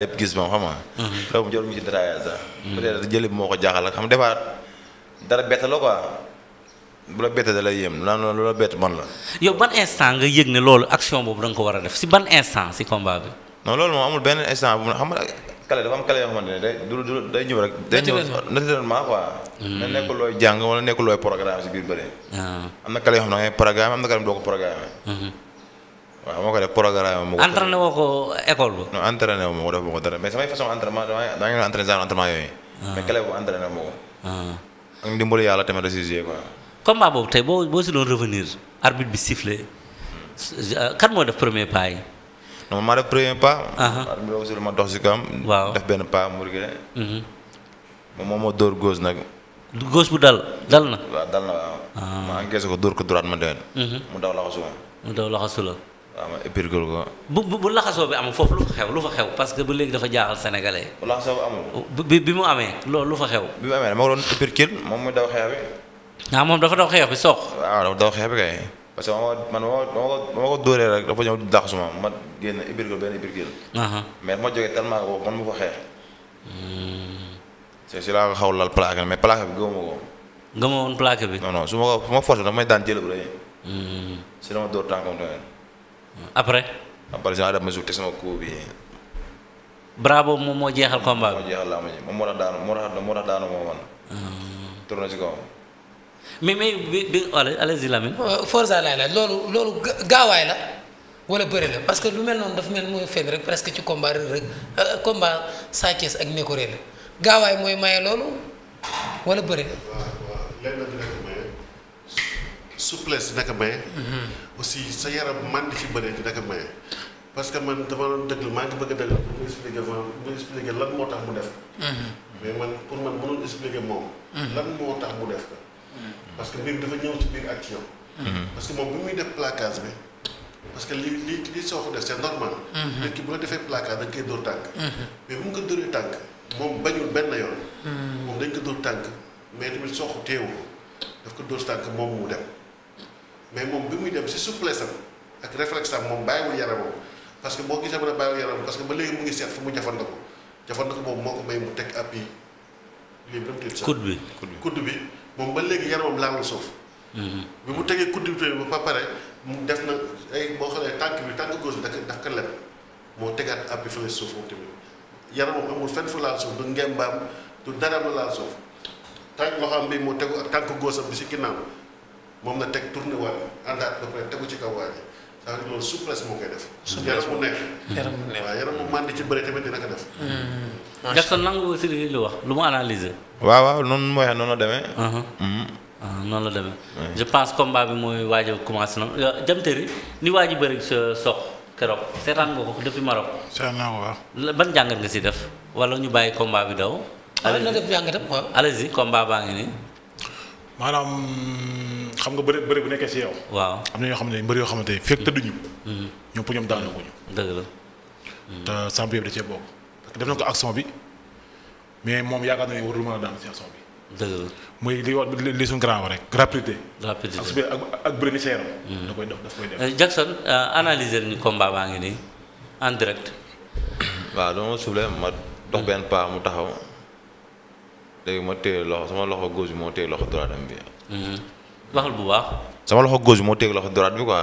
lépp gis moom xam nga. loolu mhm. moom jarul ñu ci détaillé sax. Mhm. peut-être jëli moo ko jaaxal ak xam defaat dara bett la quoi bu la bett da lay yéem man la. yow ban instant nga yëg loolu action boobu da ko war a def si ban instant si combat bi. non loolu moom amul benn instant bu a xam nga kale xamante ne day du du day ñëw rek. day ñëw naturellement quoi. na mhm. nekkul looy jàng wala nekkul looy programme si biir bëre. Ah. am na kale yoo xam ne ngay programme am na kale yoo xam ne doo ko programme. waaw moo ko def programme am. entraîné woo ko école ba. non entraîné wu ma ko def ma ko dara ah. ma ko. Ah. ak boo boo si doon revenir euh, moo def premier pas def ah. ma dox si kawam. waaw def benn pas mu rëggee. Mhm. moom moo ma dóor gauche nag. gauche bu dal dal na. waaw dal na waaw. ma encaissé ko dóor ko droite ma déwén. Mhm. mu daw laxasu mu daw laxasu waaw ma épurgul ko. bu bu bu laxasoo bi amul foofu lu fa xew lu fa xew parce que léegi dafa jaaxal sénégalais. bu laxasoo bi amul. bi bi mu amee loolu lu fa xew. bi mu amee dama ko doon épurgul moom muy daw xeex bi. Ah, ma ko ma rek dafa ñëw laxasu ma génn épurgul benn épurgul. mais ma jógee tellement ko man mu ko xeex. si laa ko xaw lal plaque mais plaque bi gëmuma ko. gëmuma woon plaque bi. non su ma ko su ma dafa may daan jël bu hmm. si la ma dóor tànkam tamit. après. après si def mesure teg sama coup bi. bras moom moo jeexal combat bi. moo jeexal laa ma ji moom moo tax daanu moo tax moo tax si ah. kawam. mais mais bi bi allez-y Lamine. Euh, Forza laay la loolu loolu gaawaay la wala bëri la parce que lu mel noonu dafa mel mooy feeñ rek presque ci combat rek euh, combat Sa Thiès ak Nékoré la gaawaay mooy maye loolu wala bëri la. souplesse dina ko maye. Mm-hmm. aussi sa yaram man di ci bëree dina ko maye. parce man dama doon déglu maa ngi bëgg a déglu ma mu expliquer lan moo tax mu def mm-hmm. mais man pour man mënoon expliquer moom. Mm-hmm. lan moo tax mu def ko. parce que mbir dafa ñëw ci biir action. parce que moom bi muy def placage bi. la da nga koy dóor tànk. mais moom mu dem. mais moom bi muy dem si souplesse am ak réflexe am moom bàyyiwul yaramam parce que boo gisee a ne bàyyiwul yaramam parce que ba léegi mu ngi seet fu mu jafandiku jafandiku boobu moo ko mu teg appui lii ba mu tudd sax. kudd kudd bi moom ba léegi yaramam laalul suuf. Mm-hmm. bi mu tegee kudd bi ba pare mu def na ay boo xoolee tànk bi tànk gauche bi daf ko daf ko leb moo tegaat appui fële moom tamit yaramam amul fenn fu laal suuf du ngembaam du dara mu laal suuf tànk loxoom bi moo tegu ak tànk góosam bi si ginnaaw. moom la teg tourné waat àndaat ba pare tegu ci kaw waaj saa yu loolu souplesse moo koy def. yaram mu yaram mu neex yaram mu màndi ci bëre tamit dina ko def. Hmm. Jackson nangu si li wax lu mu analyser. waaw waaw noonu mooy noonu la demee. Uh-huh. Hmm. Uh-huh, noonu la demee. je pense combat bi mooy waaj a commencé noonu jamteeri ni waaj a bëri sa sox keroog seetaan nga ko depuis Maroc. seetaan naa waaw. ban jàngat nga si def wala ñu bàyyi combat bi daw. Ah, allez na combat baa xam nga bëri bëri bu nekkee si yow. waaw am na ñoo xam ne mbër yoo xamante ne fekk tëdduñu. ñoom mm-hmm. pour ñoom daanu ko ñu. dëgg la. Mm-hmm. te samp yëpp da parce que def na ko action bi mais moom yaakaar naa a daan si action bi. dëgg li rek. rapidité. rapidité ak ak bëri ni sa mm-hmm. koy def da koy def. Eh, Jackson euh, analyser ni combat ngi nii en direct. waaw dama suble ma dox benn paa mu taxaw léegi ma téye loxo sama loxo gauche bi moo téye loxo droite am bi. waxal bu baax. sama loxo gauche moo teg loxo droite bi quoi.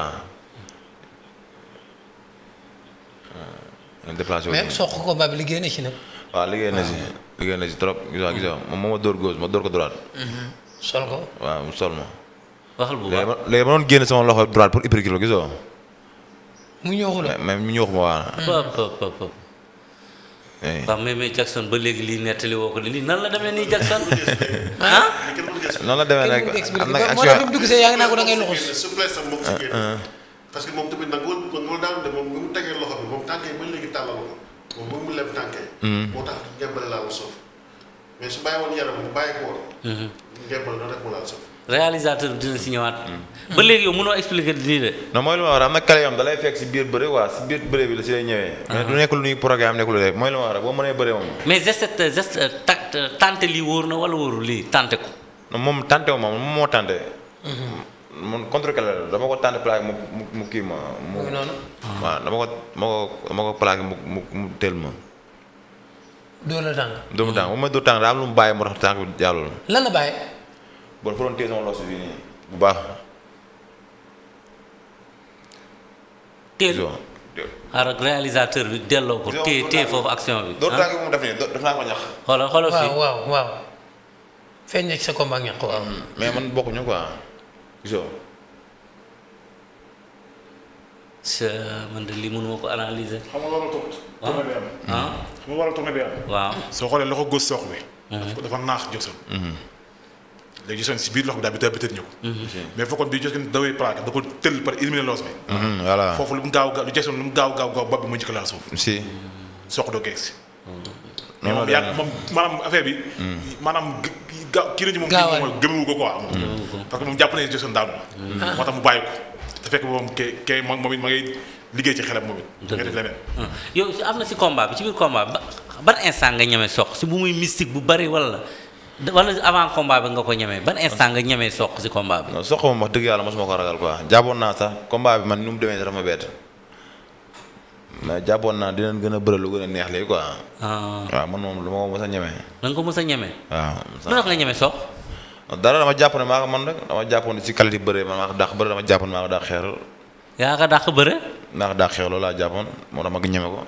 Ah. déplacé mais soq ko liggéey nag. waaw liggéey na ci ah. liggéey na trop. gis nga moom ma dóor gauche ma dóor ko droite. Mhm. sol ko waaw mu sol ma. bu baax léegi ma doon génn sama loxo droite pour hypergir la gisoo. mu ñëw la mu ñëw ma waaw. waaw mais mais Jackson ba léegi lii nettali woo ko la demee nii Jackson. Ah? Ah, noonu la demee ah, que moom de moom bi mu tegee loxo bi moom tànkee ba léegi tàllal ko moom moom mu leb tànkee. Hmm. moo tax ngembal laal suuf mais su bàyyi woon yaram mu bàyyi ko woon. Hmm. ngembal na rek mu laal suuf. réalisateur bi dina si ñëwaat. ba léegi yow mënoo expliquer lii de. non mooy lu ma war a am lay fekk si biir bëre waa si biir bëre bi la si lay ñëwee. Ah. mais du nekk lu ñuy programme nekkul rek mooy a boo mënee bëre na wala wóorul lii tante ko. non moom moo tante. Mhm. man contre kale la dama ko tante plaqué mu mu kii ma. mu ngi noonu. waaw dama ko la tànk. dóor la tànk bu ma dóor tànk daa am lu mu bàyyi moo tax tànk bi jàllul. lan la bàyyi. boo dafa doon téye sama loos bi nii bu baax. téye xaaral réalisateur bi delloo ko téye téye foofu action bi. dootul ah. tànk bi mu def nii def naa ko mm. mais man bokkuñu ko analyser. xam nga ah. ah. xam nga soo léegi gisoon si biir loxo bi daal bi daal mhm. bi tëj ñu ko bi Jackson dawee plaque da ko tëll par éliminer loos bi mhm, foofu lu mu gaaw gaaw Jackson lu mu gaaw gaaw gaaw bopp bi mu njëkk laal bi mhm. maanaam gaaw kii nañu moom kii moom gëmewu ko parce que moom jàpp na Jackson daanu la moo tax mu bàyyi ko te fekk moom ke ke moom it ma ngay liggéey ci xelam moom it nga def leneen ah. yow am na si combat bi ci biir combat ban instant nga ñeme soq si bu muy mystique bu bari wala wala avant combat bi nga ko ñemee ban instant nga ñemee soq si combat bi. non soq moom wax dëgg yàlla mosuma ko ragal quoi jàppoon naa sax combat bi man nu mu demee dafa ma bett mais jàppoon naa gën a bëri lu gën a neex lii quoi. Ah. waaw man lu ma ko a ñemee. da ko mos a ñemee. waaw lu tax nga ñemee soq. dara dama jàpp ne maa man rek dama jàppoon si qualité bëree man maa ko dàq bëri dama jàppoon yaa ko dàq bëre. maa ko dàq loolu laa jàppoon moo tax ma ñeme ko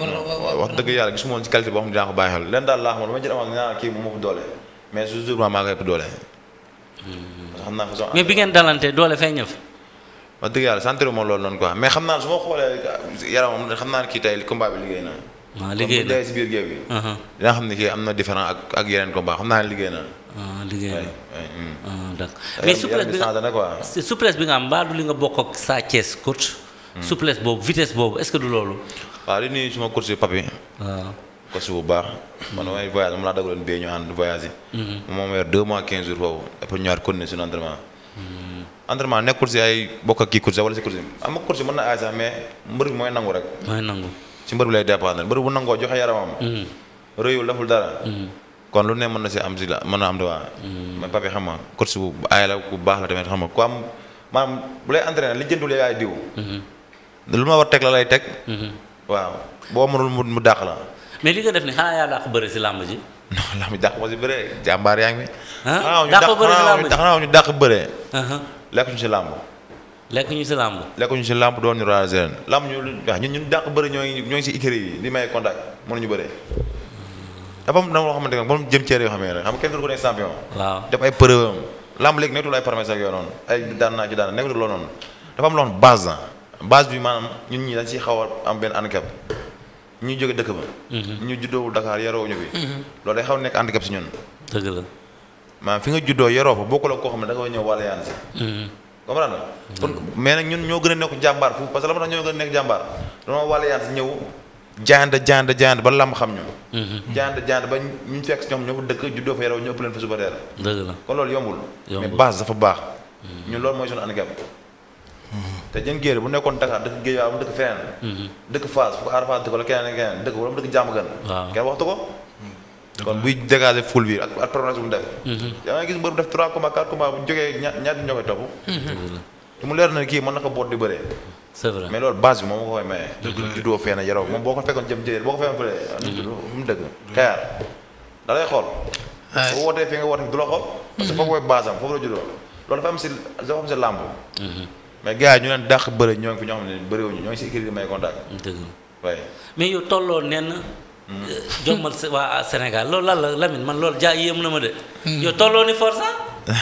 wax dëgg yàlla gisuma woon ci qualité boo xam ne dinaa ko bàyyi xel leen daal laa xamoon dama jël avance naa kii bu ma ëpp doole mais toujours maa maa koy ëpp doole. xam naa façon mais bi ngeen dalante doole feeñ fa. wax dëgg yàlla sentir ma loolu noonu quoi mais xam naa su ma xoolee yaramam xam naa kii tey combat bi liggéey na. waaw ah, liggéey na si biir géew bi. Uh-huh. dinaa xam ne kii am na différent ak ak yeneen combat xam naa ne liggéey na. Ah, liggéey na hmm. ah, d'accord mais souplesse bi nga souplesse bi nga am mbaa du li nga bokk ak Sa Thiès coach Hmm. souplesse boobu vitesse boobu est-ce que du loolu. waaw di nuyu suma coach yi papi. waaw bu baax. man damay voyage moom laa dagaloon bee ñu ànd voyage yi. Hmm. moom weer deux mois quinze jours foofu après ñëwaat continuer hmm. nekkul si ay bokk ak kii coach wala si coach am na coach mën na aay sax mais mbër bi mooy nangu rek. mooy nangu si mbër bi lay dépendre mbër bu nangoo joxe yaramam. rëyul deful dara. kon lu ne mën na si am si mën na am dawaa. mais papi xam nga coach bu aay la bu baax la tamit xam nga ku am maanaam bu lay li jëndul lu ma war teg la lay teg. Mhm. waaw boo mënul mu mu dàq la. mais li nga def ni xanaa yaa dàq bëre si làmb ji. non làmb ji dàq ma si bëre jàmbaar yaa ngi. ah dàq bëre si làmb ji xanaa ñu bëre. lekk ñu si làmb. lekk ñu si làmb. lekk ñu si làmb doon ñu raser leen làmb ñu waaw ñun ñun dàq bëre ñoo ngi si ikiri yi di may contact mënuñu bëre. dafa am da nga xamante ne moom jëm ceer yoo xam ne rek xam nga kenn du ko nekk champion. waaw def ay preuve am làmb léegi nekkatul ay promesse ak yoo noonu ay daan naa ci daan nekkatul loo noonu dafa am loo base bi maanaam ñun ñi dañ siy xaw a am benn handicap ñu jóge dëkk ba. Mhm. ñu juddoowul Dakar yaroo ñu fi. Mhm. loolu day xaw nekk handicap si ñun. dëgg la maanaam fi nga juddoo yaroo fa bokkul ak koo xam ne da nga ñëw wàlla yaan si. Mhm. comprendre nga kon ñun ñoo gën a nekk jàmbaar parce que la ma tax ñoo gën a nekk jàmbaar dañoo wàlla ñëw jaand jaand jaand ba lamb xam ñu. jaand jaand ba ñu fekk si ñoom ñoo fa dëkk juddoo fa yaroo ñu ëpp leen fa suba teel. kon loolu yombul. yombul mais base dafa baax. ñu loolu mooy suñu handicap. te jën géer bu nekkoon Dakar dëkk géej waaw mu dëkk feneen mhm. dëkk Fass fu aar dëkk wala keneen keneen dëkk wala mu dëkk jàmm gën kenn waxtu ko bu mu def da mhm. a gis mbër bu def trois combats quatre combats bu jógee ñaati topp mhm. te mu leer na kii mën na ko boot di bëree c'est vrai mais loolu base bi moom nga koy maye juddoo fenn yaroo moom boo ko fekkoon jëm jëlee boo ko fekkoon fële ah, mu dëgg Kayar da lay xool boo wootee fi nga wootee du la xool parce que foofu koy base foofu la juddoo loolu dafa si dafa am mais gars yi ñu leen dàq bëri ñoo ngi fi ñoo xam ne bëriwuñu ñoo ngi si écrit may contact. dëgg la mais yow tolloo nen. Mm. Euh, jommal Sénégal loolu lan la Lamine man loolu jaa yéem na ma de. Mm. yow tolloo ni force ah?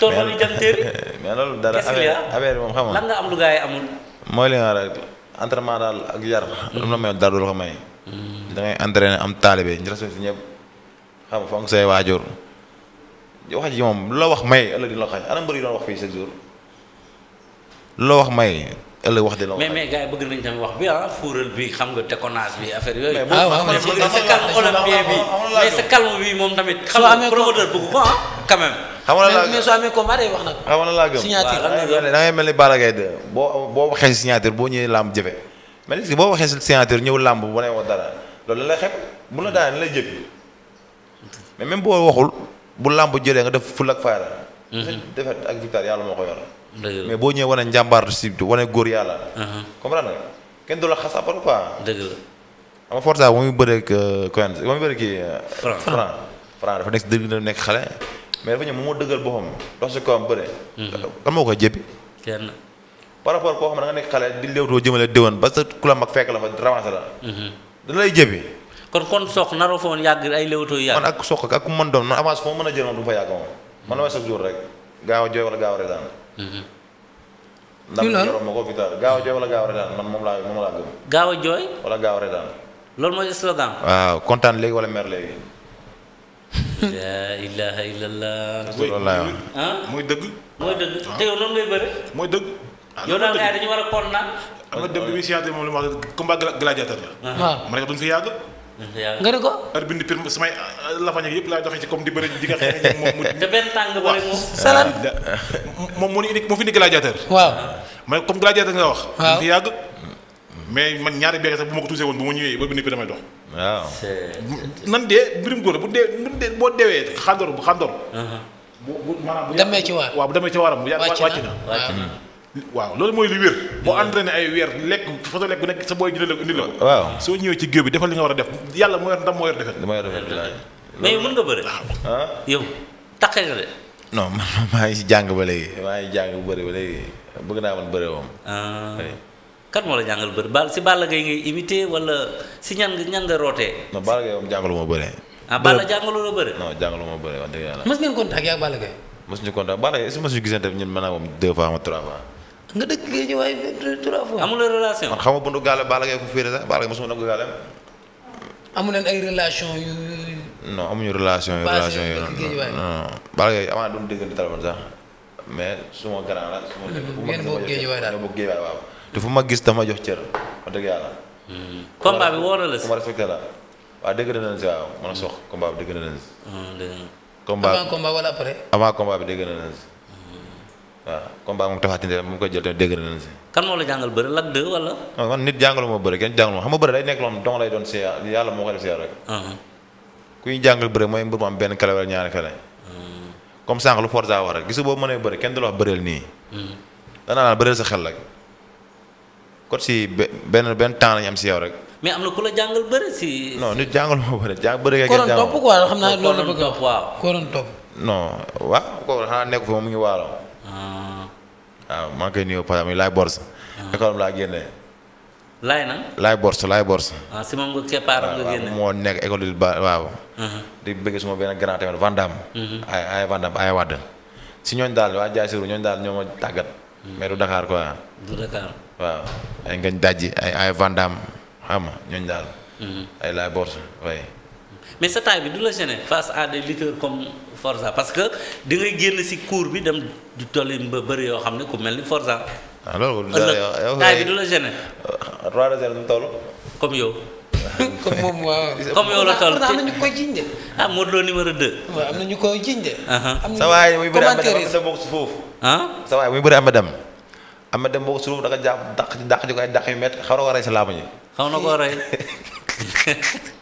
tolloo ni jamteeri. mais loolu dara affaire affaire moom xam nga lan nga am lu gars yi amul. mooy li nga rek entraînement daal ak yar. am mm. na may dara du la ko may. da ngay entraîné am taalibe ñu respecté ñëpp xam fonk say waajur. wax ji moom lu la wax may ëllëg di la loo wax may. ëllëg wax dina mais mais gars yi bëgg nañ tamit wax bi ah fuural bi xam nga déconnage bi affaire yooyu. ah waaw mais sa calme bi moom tamit. xam nga promoteur bëgg ko ah quand wax nag. xam nga mel ni Balla Gaye boo boo waxee signature boo ñëwee làmb jëfe mais nit ki boo waxee signature ñëw làmb bu ne wax dara loolu la xeeb bu la daan lay jëf mais même boo waxul bu làmb jëlee nga def ful ak faayda Mm-hmm. défaite ak victoire yàlla moo ko yor. mais boo ñëwee wane njàmbaar si wane góor yàlla. Mm-hmm. comprendre nga kenn du la xas après quoi. dëgg la ama Forza bu muy bëreeg euh, Coins bu muy euh, dafa nekk dëgg nekk xale. mais dafa ñëw moom moo dëggal boppam dox si kawam bëre. Mm-hmm. kan koy jéppi. ne da nga nekk xale di léewtoo ba sa ku la mag fekk la fa ravancé la. dina lay jéppi. kon kon soq naroo fa woon yàgg ay léewtoo yàgg. man ak soq ak ku mën doon avance foo mën a jël moom du fa yàgg moom. man mooy chaque jour rek gaaw a jooy wala gaaw a reetaan. Mhm. ndax yoroon ma gaaw a jooy wala gaaw a reetaan man moom laa gëm. gaaw a jooy. wala gaaw a reetaan. loolu mooy slogan. waaw kontaan léegi wala mer léegi. la ilaha illallah. Ah? muy muy dëgg. mooy dëgg ah. te yow loolu ngay mooy dëgg. Ah, yow daal gars yi dañu war a kon naan. am na dem bi muy yàgg. nga ne ko. heure bii nii samay euh, lafañ ak yëpp laa doxee ci comme di bëri di nga xeex moom. te benn moom. salaam ah, moo indi moo fi indi gladiateur. waaw mais comme gladiateur nga wax. waaw fi yàgg. mais man ñaari béykat sax bu ma ko tuusee woon bu ma ñëwee ba bii nii damay dox. waaw. nan dee mbirum góor bu dee bu dee boo deewee xandoor bu xandoor. Uh-huh. bu bu maanaam bu demee ci waar waaw bu demee ci waaram. wàcc na wàcc na. waaw loolu mooy li wér. boo entraîné ay weer lekk façon lekk bu nekk sa booy jëlee ko indi la waaw soo ñëwee ci géew bi defal li nga war a def yàlla moo yor ndam moo yor defet. moo yor defet mais yow yow taqe nga de. non man maa ngi jàng ba léegi maa ngi jàng bu bëri bëgg naa man bëre moom. Ah. kan moo la jàngal bëri Balla si Balla Gaye ngay imité wala si ñan nga ñan nga rootee. non Balla Gaye moom jàngalu ma bëre. ah Balla jàngalu ngeen contact yaa ak Balla Gaye. mës ñu contact Balla Gaye est-ce que mës ñu gisante moom deux ma trois fois nga dëkk Géejawaay trois fois. amuloo relation. man xam nga buntu gaale Balla Gaye ko féere sax Balla Gaye mosuma nangu gaale. amu leen ay relation yu. non amuñu relation yu relation yu non non Balla Gaye amaana mais suma grand la. su ma ngeen bokk Géejawaay daal bokk Géejawaay waaw. te gis dama jox cër wax dëgg yàlla. Hmm. combat bi wóor na la si. ma respecté la waaw dégg nañ si waaw man sox combat bi dégg nañ si. Hmm, combat si. waaw combat moom Tapha Tine mu ko jël tamit dégg nañu si. kan moo la jàngal bëri Lac 2 wala. non man nit jàngalu ma bëri kenn jàngalu ma xam nga uh-huh. ku ñu jàngal bëri mooy mbir am benn kale wala ñaari uh-huh. comme sànq lu Forza wax rek gisu boobu mënee bëri kenn du la wax bëreel nii. Uh-huh. danaa naan bëreel sa xel rek. kon si benn benn temps lañu am si yow rek. mais am na ku la jàngal bëri si. non nit jàngal ma bëri jàng bëri. kenn jàngal kóoroon topp quoi xam naa loolu la bëgg a wax ko kóoroon topp. non waaw kóoroon xanaa nekk fi moom mu ngi waalo Ah. waaw maa ngi koy nuyoo par exemple laay borsa. Ah. école laay na. laay borsa laay borsa. moo nekk école bi ba waaw. Uh-huh. di bëgg suma benn grand tamit Vandam. Uh-huh. ay ay Vandam ay Wade. si ñooñ daal waa jaay siru ñooñ daal ñoo ma tàggat. Hmm. mais du Dakar quoi. du Dakar. waaw ay ngañ dajji ay ay Vandam xam ñooñ daal. Hmm. ay laay borsa mais sa taille bi du la gêner face à des lutteurs comme Forza parce que di ngay génn si cours bi dem du tolli ba bëri yoo xam ne ku mel ni Forza. ah loolu taille bi du la gêner. Euh, roi de zèle toll. comme yow. comme moom waaw. comme yow la toll te am na ñu ko jiñ de. ah Modou Lo numéro 2. waaw am na ñu ko jiñ de. Uh-huh. am sa waay muy bëri Amadam sa bokk si foofu. sa waay muy bëri Amadam. Amadam bokk si foofu da nga jàpp dàq dàq ji ko ay dàq yu métti xaw na ko rey si laamu ñi. xaw na ko rey.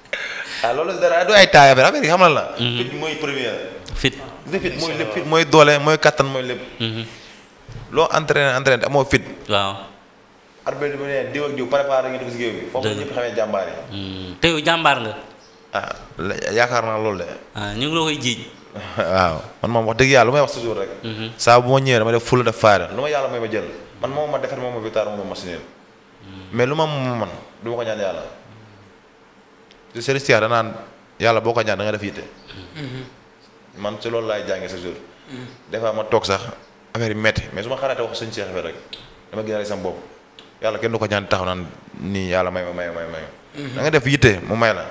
waaw loolu dara du ay taay affaire affaire yi xam la. Mhm. fit mooy première. fit fit mooy lépp fit mooy doole mooy kattan mooy lépp. Mhm. loo entraîné entraîné te amoo fit. waaw. arbitre bi ne diw ak diw préparé nga def si géew bi. foofu ñëpp xamee jàmbaar yi. Mhm. te yow jàmbaar nga. ah yaakaar naa loolu de. ah ñu ngi la koy jiiñ. waaw man moom wax dëgg yàlla lu may wax toujours rek. saa bu ma ñëwee dama def fulla def faayda lu ma yàlla may ma jël. man moom ma defar moom ma victoire moom ma machine mais lu ma man du ma ko ñaan yàlla. te Serigne Thiar da naan yàlla boo ko ñaan da nga def yitte. Mm-hmm. man ci loolu laay jàngee sa jour. Mm-hmm. des ma toog sax affaire yi mais su ma xalaatee wax sëñ Cheikh rek dama génnaale sama bopp yàlla kenn du ko ñaan taxaw naan nii yàlla may ma may may may. Mm-hmm. da nga def yitte mu may la.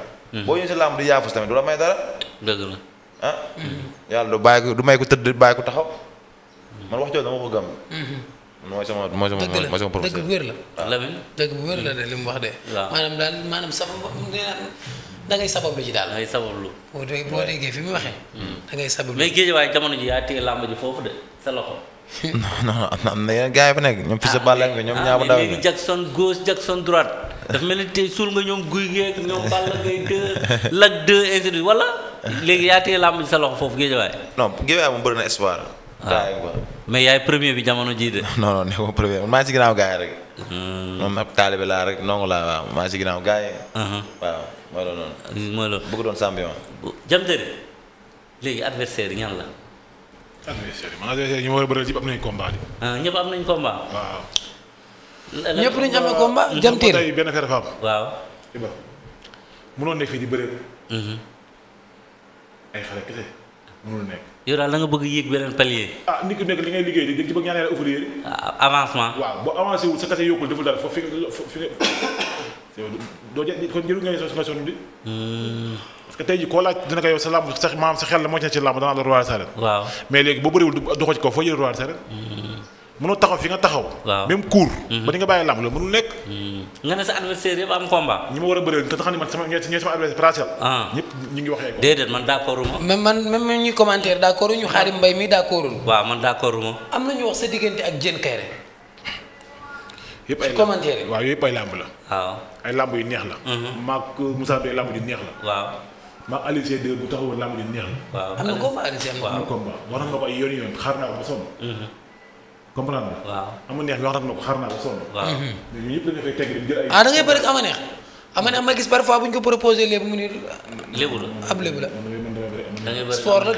boo ñu si làmb di yaafus tamit du la may dara. dëgg la ah? yàlla du bàyyi ko du may ko tëdd bàyyi ko taxaw. man wax jooju dama ko gëm. mooy sama mooy sama mooy sama professeur ah. dëgg bu wér la. li mu wax de. waaw maanaam daal maanaam sabab da ngay sabab lu ci daal. da ngay lu. boo dee boo fi mu waxee. Hmm. da ngay sabab lu mais jamono ji yaa téye làmb ji foofu de sa loxo. non non am na yeneen gars yi fa ñoom Fils de nga ah, ñoom ah, ñaaba daw léegi Jackson gauche Jackson droite dafa mel ni tey suul nga ñoom guy geeg ñoom Balla ngay deux lag deux léegi yaa téye làmb ji sa loxo foofu géej waaye. non géej waaye moom bëri na espoir. waaw mais yaay premier bi jamono jii de. non non ne ko premier man maa si ginnaaw gars yi rek. Hmm. moom laa maa si ginnaaw gars yi. Uh-huh. waaw mooy loolu noonu. Hmm, mooy loolu bëgg doon champion. Diam léegi adversaire ñan la. adversaire yi war a bëri yëpp am nañu combat bi. Ah, am nañu combat. waaw. ñëpp nekk fii di bëree. Mm-hmm. ay nekk. yow daal da nga bëgg yéeg beneen palier. ah nit ku nekk li ngay liggéey di ci bëgg ñaan yàlla ouvrier yi. Ah, avancement waaw boo avancé sa kase yokkul deful dara foofu fi nga doo jë kon jëru nga so nga sonn di hmm. parce tey jii dina ko yow sa làmb sa maanaam sa xel la moo ci ne ci làmb danaa la roi sarène waaw mais léegi boo bëriwul doxoo ci kaw foo jël roi sarène mënoo taxaw fi nga taxaw. waaw même cours. Mhm. ba di nga bàyyi làmb loolu mënul nekk. Mhm. nga ne sa adversaire yëpp am combat. ñu ma war a bëreel te xam ne man sama ñooy sama adversaire principal. Ah. ñëpp ñu ngi waxee ko. déedéet man d' accord ma. même man même ñuy commentaire d' accord ñu xaarim mbay mi d' accord waaw man d' accord ma. am na ñu wax sa diggante ak Diène Kairé. yëpp ay commentaire waaw yëpp ay làmb la. waaw ay làmb yu neex la. Mhm. maag Moussa Beye làmb di neex la. waaw. maa Aliou Seye bu taxawoon làmb am na combat na combat war nga ko ay yoon yoon xaar naa ko ba sonn comprendre nga. waaw ama neex waxtaan na ko xar naa ko sonn. waaw mais yooyu yëpp ah, da bu ko proposé léegi mu ne. lébu la ab lébu la. da ngay bëri sport la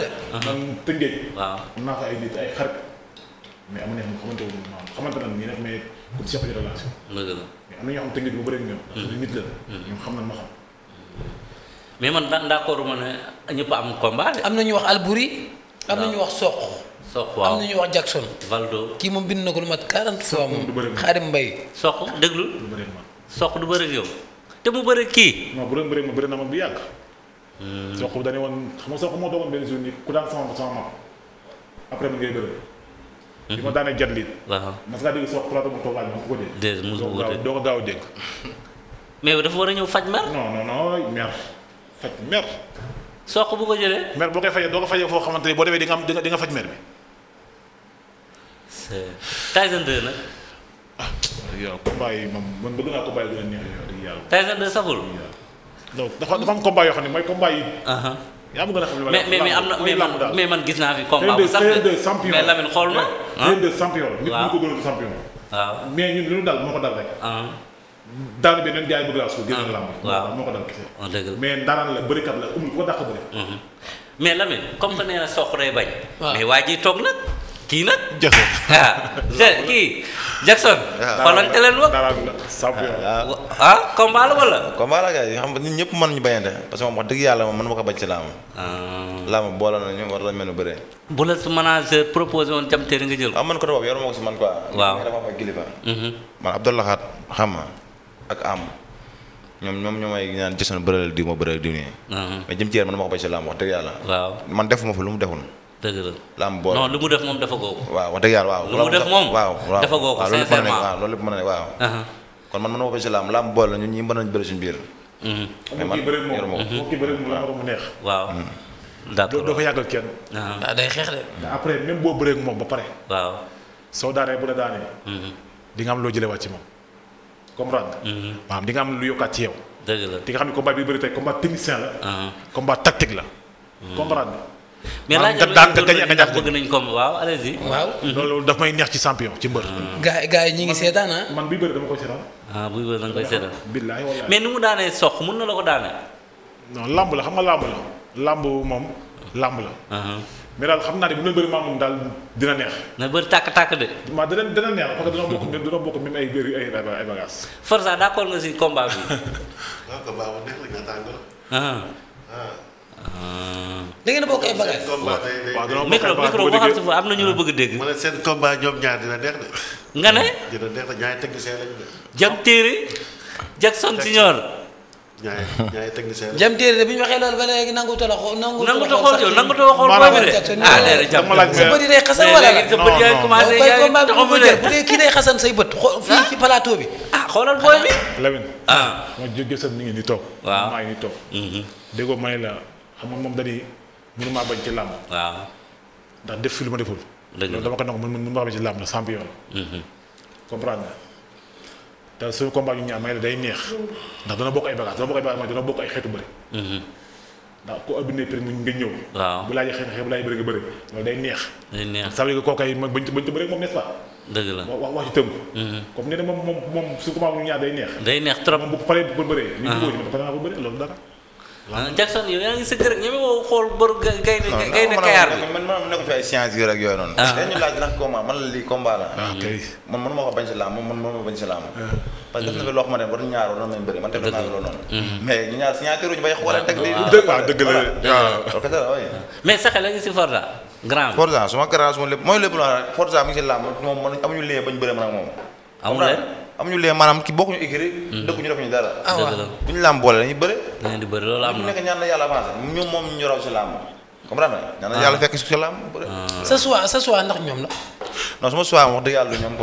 man tëngéej. waaw am naa fa mais ama neex moom xamante wu ma xamante na nii nag mais ku ci seqal relation. dëgg am na ñoo mm-hmm. mais man d' accord ma ne ñëpp am combat. am na ñu wax alburi. am na ñu wax soq. soq waaw am na ñuy wax Jackson. Valdo kii moom bind na ko lu mat 40 fois moom. xaari Mbay soq déglu soq du bëri ak yow te bu bëri kii. non bu doon na ma bu yàgg. Hmm. soq dañu woon xam nga soq moo doogoon benn hmm. bi ma daanee jat waaw mas dégg sox plateau bu toog laaj ma ko ko dégg. déedéet mu ko dégg ko gaaw a dégg. mais dafa war a ñëw faj mer. non non non mer faj mer. sox bu ko jëlee. mer boo koy fajee doo ko fajee foo xamante ni boo demee di nga am di nga faj mer bi. Tyson 2 nag. ah yow combat yi moom man bëgg naa combat yi gën a neex yow di yàlla. Tyson 2 saful. ne mooy combat yi. yaa a xam mais mais am na mais man mais gis naa fi combat bu saf mais Lamine xool na. ah TND champion nit ñi ko gënoon champion. waaw mais ñun lu ñu dal moo ko dal rek. a la mais daanaan la bërikat la amul ko dàq bëri. comme que nee na bañ. mais waa ji toog nag. kii nag joxe ah kii Jackson. falante leen wax ah combat xam nga nit ñëpp man ñu bañante parce que moom wax dëgg yàlla moom man ma ko bañ ci laamu. Ah. laamu boole na ñu war la bu la su manager proposé woon jam jël. ah man ko toog yor ma ko si man quoi. am mhm. man Abdou Lahat xam nga ak am ñoom ñoom ñoo may ñaan Jackson bëreel diw ma bëreel diw nii. Mhm. mais ci yàlla man ma ko bañ ci laamu wax dëgg yàlla. man defuma fa lu mu deful. dëgg la lamb boole non lu mu def moom dafa googu. waaw wax dëgg yàlla waaw. lu mu def moom dafa waaw na ne waaw. Uh-huh. kon man mën na ko si lamb ma ko moom kii bëri moom moom mu neex. waaw mm. d'accord doo ko yàggal kenn. Uh-huh. ah boo bëree moom ba pare. waaw soo daanee bu la daanee. Mm-hmm. di nga am loo jëlewaat ci moom. comprendre nga. maanaam mm-hmm. di am lu yokkaat ci yow. dëgg la di nga xam ne combat bi bëri tey la. Uh-huh. combat tactique la. Mm. mais laaj nga daan nga gañ nga bëgg nañ ko waaw allez-y. waaw loolu daf may neex ci champion ci mbër. Mm. gars yi gars yi ñi ngi seetaan ah. man buy bëri dama koy seetaan. ah buy bëri dama koy seetaan. billaay wallaay mais ni mu daanee sox mun na la ko daane. non lamb la xam nga lamb la. lamb moom lamb la. mais daal xam naa ne bu ñu bëri maa moom daal dina neex. na bëri tàkk-tàkk de. ma dana dana neex parce que dina dina bokk même ay bëri ay ay bagages. Forza d'accord nga si combat bi. waaw combat bu neex da ngeen a bokkee bagage. waaw micro micro boo xam si am na ñu bëgg dégg. ma seen combat ñoom ñaar dina neex de. de ñaari de. Jam Téere Jackson Senior. ñaari ñaari technicien lañu. Jam Téere de bi ñu waxee loolu ba léegi nangu ta la xool nangu. nangu ta xool yow nangu de. ah léegi jàmm sa bët yi day xasan la. non non non kii day xasan say bët xool fii ci plateau bi. ah xoolal booy bi. ah sa ni ngeen di toog. waaw maa ngi mm-hmm. ma ne xam moom dañuy mënumaa bañ ci làmb. waaw ndax def fi lu ma deful. dëgg la dama ko nangu mën mënumaa bañ ci làmb la champion la. Mhm. comprendre nga te suñu combat ñu ñaar may la day neex ndax dana bokk ay bagages dana bokk ay bagages mooy dana bokk ay xeetu bëri. Mhm. ndax ku abine prix mu nga ñëw. waaw bu laajee xeex xeex bu laajee bëri nga bëri loolu day neex. day neex mhm. na moom moom moom suñu combat ñu ñaar day neex. day neex trop moom bu paree bu bëree. ñu ngi ko wóor ñu ne ko pare naa ko bëri loolu dara. Jackson yow yaa ngi sëgg rek ñeme woo xool bër gaynde gaynde kayaar bi man man nekku ah. lii combat la ah, man ko bañ si laam man mënuma bañ si laam ah. parce que def na fi loo xamante ne war ñaar war na may mbëri man tamit naa loolu noonu mm-hmm. mais ñu ñaar signature ñu bay xoolante ak dëgg waaw dëgg la waaw mais saxe la ngi si Forza grand Forza suma grand suma lépp mooy lépp la Forza mi ngi si laam moom man amuñu lien bañ bëri man ak moom am ñu lee maanaam ki bokkuñu écrit hmm. dëkkuñu defuñu dara ah, bu ñu làmb boole dañuy bëre dañuy di bëre loolu am na nekk ñaan na yàlla avancé ñoom moom ñu raw ah. sa sa ah. choix ndax ñoom la non su du ñoom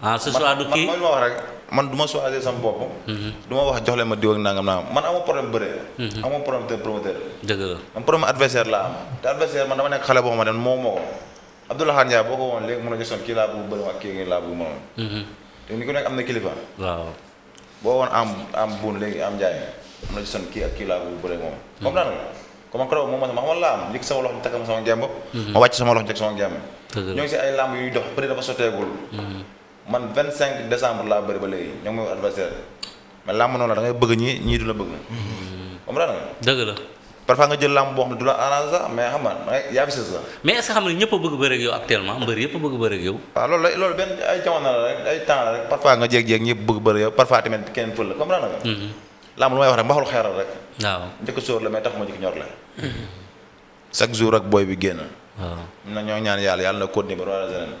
sa choix du kii man ma wax rek man du ma choisir sama mm-hmm. ma wax jox leen ma diw ak nangam naa man mm-hmm. la man problème adversaire la am te adversaire man dama nekk xale boo xam ne moo moo ko Abdoulaye Ndiaye boo ko woon léegi mën a gisoon kii laa bëgg bëri ak kii laa bëgg mënoon te ni ko nekk am na kilifa. waaw. boo woon am am buun léegi am njaay am na ci son kii ak kii laa ko bëree moom. Hmm. moom ma xamal laa am njëkk sama loxo takk ma sama ngemb. Hmm. ma wàcc sama loxo njëkk sama ngemb. ñoo ngi si ay làmb yuy dox bëri dafa sotteegul. Hmm. man 25 decembre laa bëri ba léegi ñoo ngi may adversaire làmb noonu la da bëgg ñi ñii du la bëgg. comme daan nga. dëgg la. parfois nga jël làmb boo xam ne du la arrange sax mais xam nga yaa fi sa sax. mais est ce que xam nga ñëpp a bëgg bëri ak yow actuellement mbër yëpp a bëgg bëri ak yow. waaw loolu la loolu benn ay jamono la rek ay temps la rek parfois nga jéeg-jéeg ñëpp bëgg bëri yow parfois tamit kenn fël la comprendre nga. Mm-hmm. làmb lu may wax rek mbaxul xeeral rek. waaw njëkk sóor la mais tax ma njëkk ñor la. Mm-hmm. chaque jour ak booy bi génn. waaw na ñoo ñaan yàlla yàlla na continuer ba wala leneen.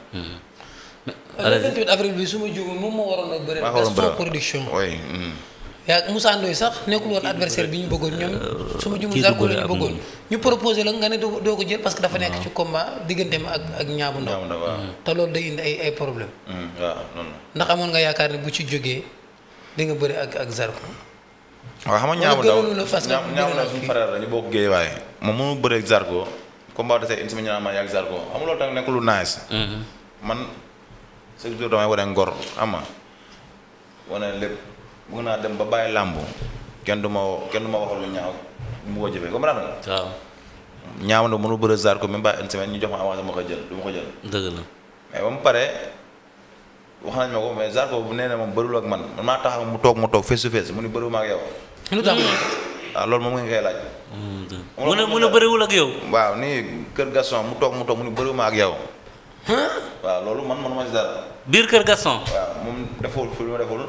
mais 28 avril bi su ma jógee moom moo waroon a bëri. maa waroon bëri production. oui. Mm-hmm. yaa Moussa Ndoye sax nekkul woon adversaire bi ñu bëggoon ñoom euh, su ma jumul Zarko la ñu bëggoon ñu proposé la nga ne doo ko jël parce que dafa nekk ah. ci combat digganteem ak ak ñaabu ndaw mm. te loolu day indi ay ay problème mm, waaw amoon nga yaakaar ne bu ci jógee di nga ak ak Zarko xam nga ñaabu ndaw ñaabu ndaw suñu frère la ñu bokk géey waaye moom mënu bëri ak Zarko combat desee une semaine ñaa ma yaag Zarko xam nga tam nekk nice mm-hmm. man chaque damay wane ngor ama wane lépp bëgg naa dem ba bàyyi làmb kenn du ma kenn du ma wax lu ñaaw mu ko jëfee comme daanaka. ñaaw na mënu bëre zaar ko même ba une semaine ñu jox ma avance ma ko jël du ma ko jël. dëgg mu pare wax nañ ko mais zaar bu nee na moom bëriwul man maa taxaw mu toog mu toog face to mu ni bëriwuma ak yow. lu tax waaw ah, loolu moom ngeen koy mm, mu ne bëriwul ak yow. waaw ni Kër Gaston mu toog mu toog mu ni bëriwuma ak yow. waaw loolu man manuma si dara. biir Kër Gaston. waaw moom deful fi lu ma deful.